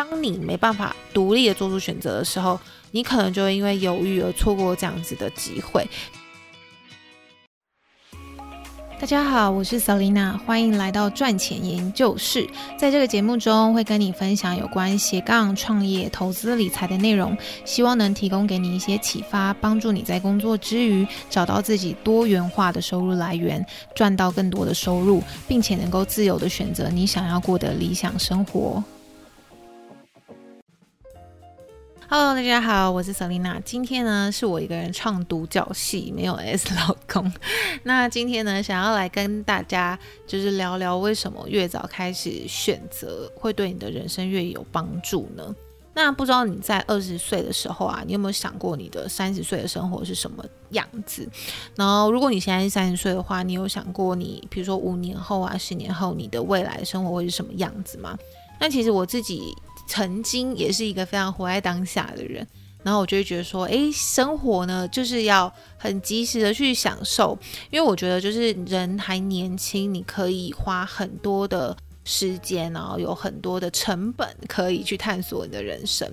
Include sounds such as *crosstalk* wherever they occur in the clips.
當你沒辦法獨立的做出選擇的時候，你可能就會因為猶豫而錯過這樣子的機會。大家好，我是 Selena，歡迎來到賺錢研究室。在這個節目中，會跟你分享有關斜槓創業、投資、理財的內容，希望能提供給你一些啟發，幫助你在工作之餘找到自己多元化的收入來源，賺到更多的收入，並且能夠自由的選擇你想要過的理想生活。Hello，大家好，我是 Selena。今天呢是我一個人唱獨角戲，沒有 S 老公。那今天呢，想要來跟大家就是聊聊，為什麼越早開始選擇會對你的人生越有幫助呢？那不知道你在二十歲的時候啊，你有沒有想過你的三十歲的生活是什麼樣子？然後如果你現在是三十歲的話，你有想過你，比如說五年後啊，十年後，你的未來的生活會是什麼樣子嗎？那其實我自己。曾經也是一個非常活在當下的人，然後我就會覺得說，誒，生活呢就是要很及時的去享受，因為我覺得就是人還年輕，你可以花很多的時間，然後有很多的成本可以去探索你的人生。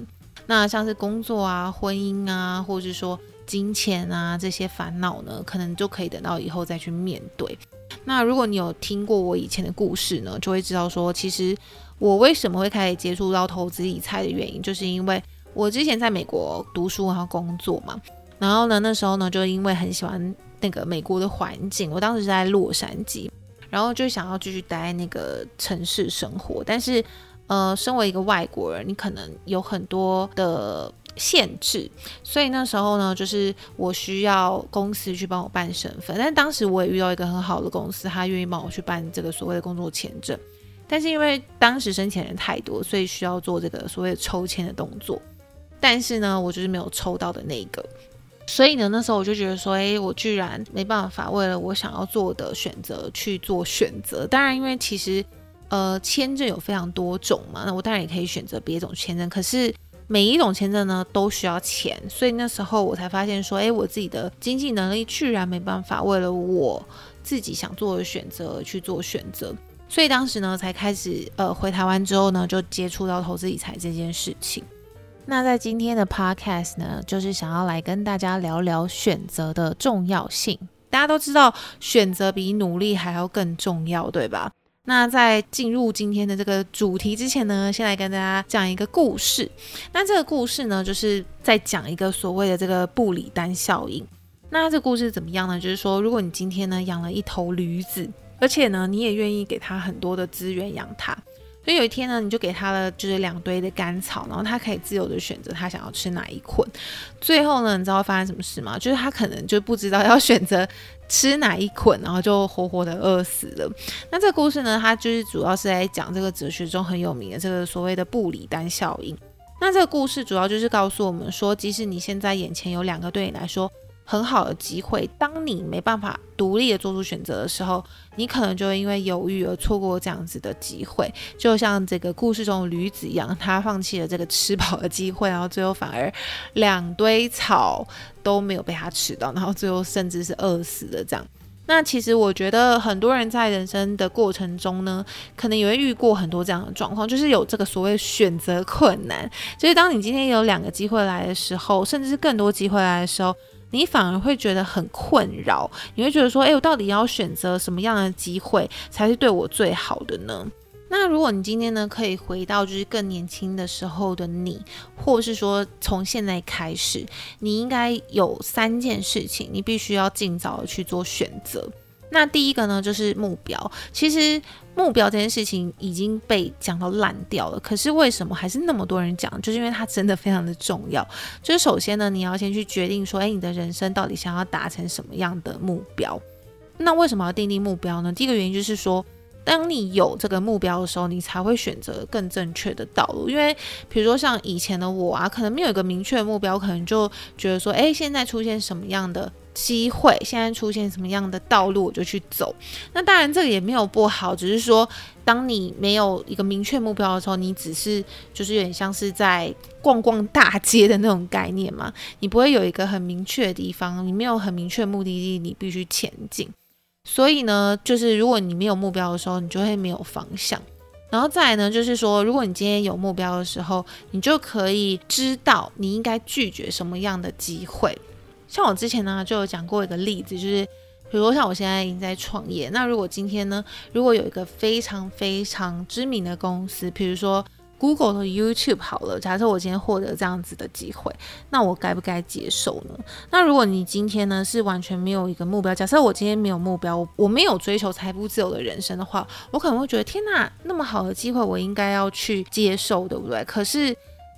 那像是工作啊、婚姻啊，或者是說金錢啊這些煩惱呢，可能就可以等到以後再去面對。那如果你有聽過我以前的故事呢，就會知道說，其實。我為什麼會開始接觸到投資理財的原因，就是因為我之前在美國讀書然後工作嘛，然後呢，那時候呢，就因為很喜歡那個美國的環境，我當時是在洛杉磯，然後就想要繼續待那個城市生活。但是，呃，身為一個外國人，你可能有很多的限制，所以那時候呢，就是我需要公司去幫我辦身份，但當時我也遇到一個很好的公司，他願意幫我去辦這個所謂的工作簽證。但是因為當時申請的人太多，所以需要做這個所謂抽籤的動作。但是呢，我就是沒有抽到的那一個，所以呢，那時候我就覺得說，誒、欸，我居然沒辦法為了我想要做的選擇去做選擇。當然，因為其實呃，簽證有非常多種嘛，那我當然也可以選擇別種簽證。可是每一種簽證呢，都需要錢，所以那時候我才發現說，誒、欸，我自己的經濟能力居然沒辦法為了我自己想做的選擇去做選擇。所以當時呢，才開始呃，回台灣之後呢，就接觸到投資理財這件事情。那在今天的 Podcast 呢，就是想要來跟大家聊聊選擇的重要性。大家都知道，選擇比努力還要更重要，對吧？那在進入今天的這個主題之前呢，先來跟大家講一個故事。那這個故事呢，就是在講一個所謂的這個布里丹效應。那這個故事怎麼樣呢？就是說，如果你今天呢養了一頭驢子。而且呢，你也願意給他很多的資源養他。所以有一天呢，你就給他了就是兩堆的乾草，然後他可以自由的選擇他想要吃哪一捆。最後呢，你知道發生什麼事嗎？就是他可能就不知道要選擇吃哪一捆，然後就活活的餓死了。那這個故事呢，它就是主要是來講這個哲學中很有名的這個所謂的布里丹效應。那這個故事主要就是告訴我們說，即使你現在眼前有兩個，對你來說。很好的機會，當你沒辦法獨立的做出選擇的時候，你可能就會因為猶豫而錯過這樣子的機會。就像這個故事中的驢子一樣，他放棄了這個吃飽的機會，然後最後反而兩堆草都沒有被他吃到，然後最後甚至是餓死的這樣。那其實我覺得很多人在人生的過程中呢，可能也會遇過很多這樣的狀況，就是有這個所謂選擇困難，就是當你今天有兩個機會來的時候，甚至是更多機會來的時候。你反而會覺得很困擾，你會覺得說，誒，我到底要選擇什麼樣的機會才是對我最好的呢？那如果你今天呢，可以回到就是更年輕的時候的你，或是說從現在開始，你應該有三件事情，你必須要盡早地去做選擇。那第一個呢，就是目標。其實目標這件事情已經被講到爛掉了，可是為什麼還是那麼多人講？就是因為它真的非常的重要。就是首先呢，你要先去決定說，誒、欸，你的人生到底想要達成什麼樣的目標？那為什麼要訂立目標呢？第一個原因就是說，當你有這個目標的時候，你才會選擇更正確的道路。因為比如說像以前的我啊，可能沒有一個明確的目標，可能就覺得說，誒、欸，現在出現什麼樣的？機會，現在出現什麼樣的道路，我就去走，那當然這個也沒有不好，只是說當你沒有一個明確目標的時候，你只是就是有點像是在逛逛大街的那種概念嘛，你不會有一個很明確的地方，你沒有很明確的目的地，你必須前進。所以呢，就是如果你沒有目標的時候，你就會沒有方向。然後再來呢，就是說如果你今天有目標的時候，你就可以知道你應該拒絕什麼樣的機會。像我之前呢，就有講過一個例子，就是比如說像我現在已經在創業，那如果今天呢，如果有一個非常非常知名的公司，比如說 Google 和 YouTube 好了，假設我今天獲得這樣子的機會，那我該不該接受呢？那如果你今天呢，是完全沒有一個目標，假設我今天沒有目標，我我沒有追求財富自由的人生的話，我可能會覺得，天哪，那麼好的機會，我應該要去接受，對不對？可是。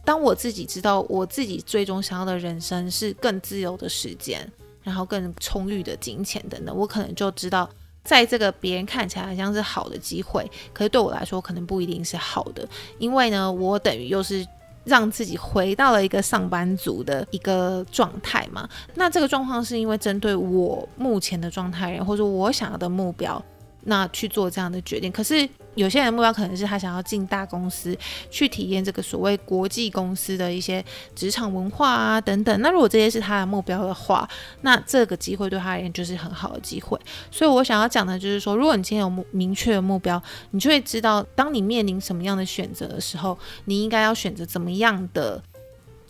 當我自己知道我自己最終想要的人生是更自由的時間，然後更充裕的金錢等等，我可能就知道，在這個別人看起來好像是好的機會，可是對我來說可能不一定是好的，因為呢，我等於又是讓自己回到了一個上班族的一個狀態嘛。那這個狀況是因為針對我目前的狀態，或者我想要的目標。那去做這樣的決定，可是有些人的目標可能是他想要進大公司去體驗這個所謂國際公司的一些職場文化啊等等。那如果這些是他的目標的話，那這個機會對他而言就是很好的機會。所以我想要講的就是說，如果你今天有明確的目標，你就會知道當你面臨什麼樣的選擇的時候，你應該要選擇怎麼樣的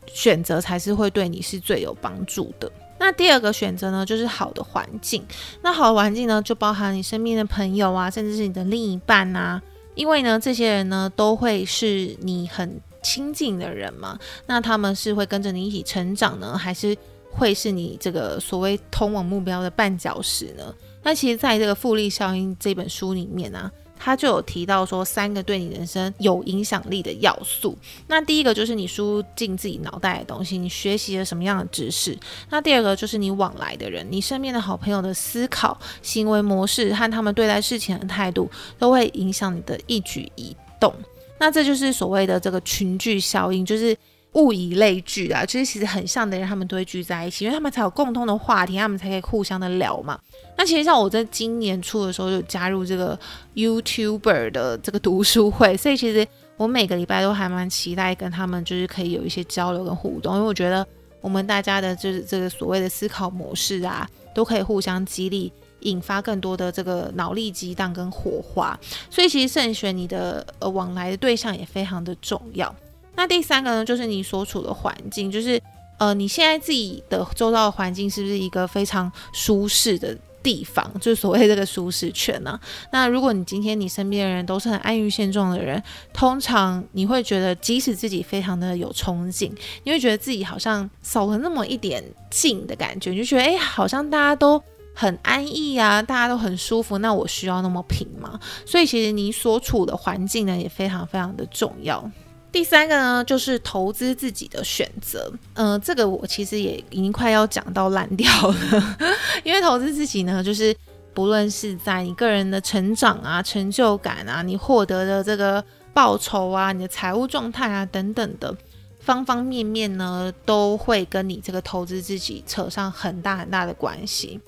選擇才是會對你是最有幫助的。那第二個選擇呢，就是好的環境。那好的環境呢，就包含你身邊的朋友啊，甚至是你的另一半啊。因為呢，這些人呢，都會是你很親近的人嘛。那他們是會跟着你一起成長呢，還是會是你這個所謂通往目標的絆腳石呢？那其實，在這個複利效應這本書裡面呢，啊。他就有提到說，三個對你人生有影響力的要素。那第一個就是你輸進自己腦袋的東西，你學習了什麼樣的知識。那第二個就是你往來的人，你身邊的好朋友的思考、行為模式和他們對待事情的態度，都會影響你的一舉一動。那這就是所謂的這個群聚效應，就是。物以類聚啊，就是其實很像的人，他們都會聚在一起，因為他們才有共同的話題，他們才可以互相的聊嘛。那其實像我在今年初的時候，就加入這個 YouTuber 的這個讀書會，所以其實我每個禮拜都還蠻期待跟他們，就是可以有一些交流跟互動，因為我覺得我們大家的，就是這個所謂的思考模式啊，都可以互相激勵，引發更多的這個腦力激盪跟火花。所以其實慎選你的呃往來的對象也非常的重要。那第三個呢，就是你所處的環境，就是呃，你現在自己的週遭的環境是不是一個非常舒適的地方？就是所謂這個舒適圈呢、啊？那如果你今天你身邊的人都是很安於現狀的人，通常你會覺得即使自己非常的有衝勁，你會覺得自己好像少了那麼一點勁的感覺，你就覺得哎，好像大家都很安逸啊，大家都很舒服，那我需要那麼拼嗎？所以其實你所處的環境呢，也非常非常的重要。第三個呢，就是投資自己的選擇。嗯、呃，這個我其實也已經快要講到爛掉了， *laughs* 因為投資自己呢，就是不論是在你個人的成長啊、成就感啊、你獲得的這個報酬啊、你的財務狀態啊等等的方方面面呢，都會跟你這個投資自己扯上很大很大的關係。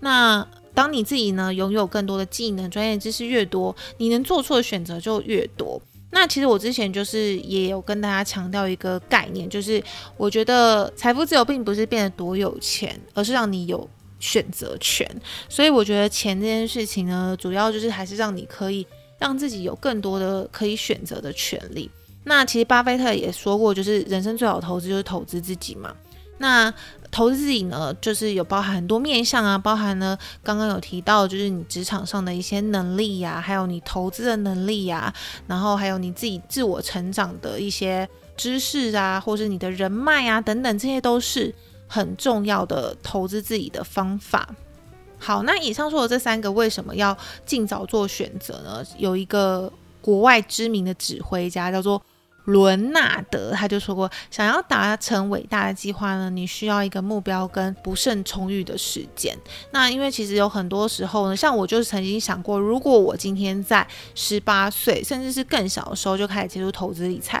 那當你自己呢擁有更多的技能、專業知識越多，你能做出的選擇就越多。那其實我之前就是也有跟大家強調一個概念，就是我覺得財富自由並不是變得多有錢，而是讓你有選擇權。所以我覺得錢這件事情呢，主要就是還是讓你可以讓自己有更多的可以選擇的權利。那其實巴菲特也說過，就是人生最好投資就是投資自己嘛。那投資自己呢，就是有包含很多面向啊，包含呢剛剛有提到，就是你職場上的一些能力呀、啊，還有你投資的能力呀、啊，然後還有你自己自我成長的一些知識啊，或者是你的人脈啊等等，這些都是很重要的投資自己的方法。好，那以上說的這三個為什麼要盡早做選擇呢？有一個國外知名的指揮家叫做，倫納德他就說過，想要達成偉大的計劃呢，你需要一個目標跟不甚充裕的時間。那因為其實有很多時候呢，像我就曾經想過，如果我今天在十八歲，甚至是更小的時候就開始接觸投資理財。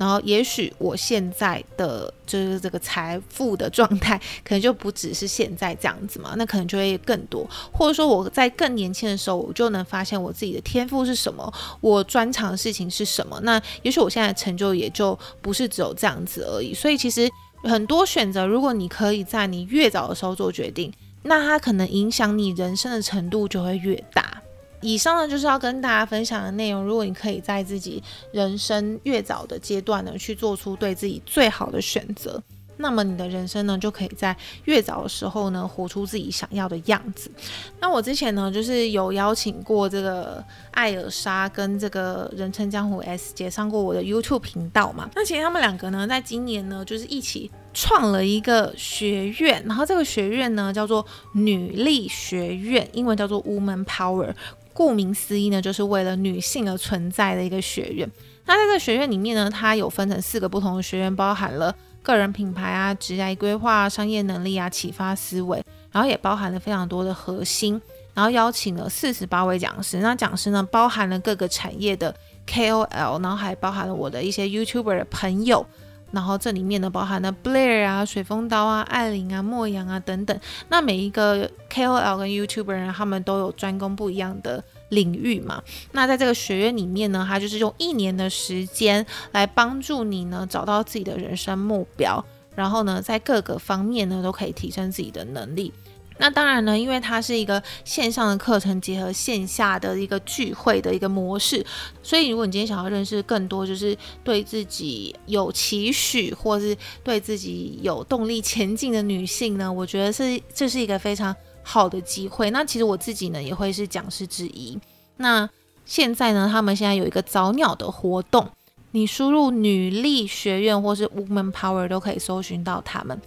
然後，也許我現在的就是這個財富的狀態，可能就不只是現在這樣子嘛，那可能就會更多。或者說，我在更年輕的時候，我就能發現我自己的天賦是什麼，我專長的事情是什麼。那也許我現在成就也就不是只有這樣子而已。所以，其實很多選擇，如果你可以在你越早的時候做決定，那它可能影響你人生的程度就會越大。以上呢，就是要跟大家分享的內容。如果你可以在自己人生越早的階段呢，去做出對自己最好的選擇，那麼你的人生呢，就可以在越早的時候呢，活出自己想要的樣子。那我之前呢，就是有邀請過這個艾爾莎跟這個人稱江湖 S 姐上過我的 YouTube 頻道嘛。那其實他們兩個呢，在今年呢，就是一起。創了一個學院，然後這個學院呢叫做女力學院，英文叫做 Woman Power。顧名思義呢，就是為了女性而存在的一個學院。那在這個學院裡面呢，它有分成四個不同的學院，包含了個人品牌啊、職業規劃啊、商業能力啊、啟發思維，然後也包含了非常多的核心。然後邀請了四十八位講師，那講師呢包含了各個產業的 KOL，然後還包含了我的一些 YouTuber 的朋友。然後這裡面呢，包含了 Blair 啊、水風刀啊、艾琳啊、莫陽啊等等。那每一個 KOL 跟 YouTuber，他們都有專攻不一樣的領域嘛。那在這個學院裡面呢，他就是用一年的時間來幫助你呢，找到自己的人生目標，然後呢，在各個方面呢，都可以提升自己的能力。那當然呢，因為它是一個線上的課程結合線下的一個聚會的一個模式，所以如果你今天想要認識更多，就是對自己有期許或是對自己有動力前進的女性呢，我覺得是這是一個非常好的機會。那其實我自己呢，也會是講師之一。那現在呢，他們現在有一個早鳥的活動，你輸入“女力學院”或是 “woman power” 都可以搜尋到他們。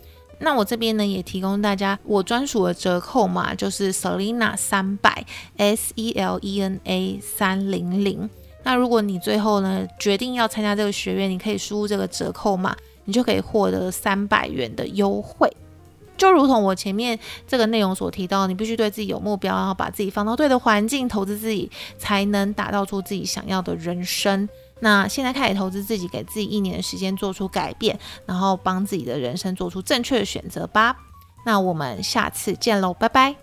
那我這邊呢，也提供大家我專屬的折扣碼，就是 Selena 三百，S E L E N A 三零零。那如果你最後呢決定要參加這個學院，你可以輸入這個折扣碼，你就可以獲得三百元的優惠。就如同我前面這個內容所提到，你必須對自己有目標，然後把自己放到對的環境，投資自己，才能打造出自己想要的人生。那現在開始投資自己，給自己一年的時間做出改變，然後幫自己的人生做出正確的選擇吧。那我們下次見嘍，拜拜。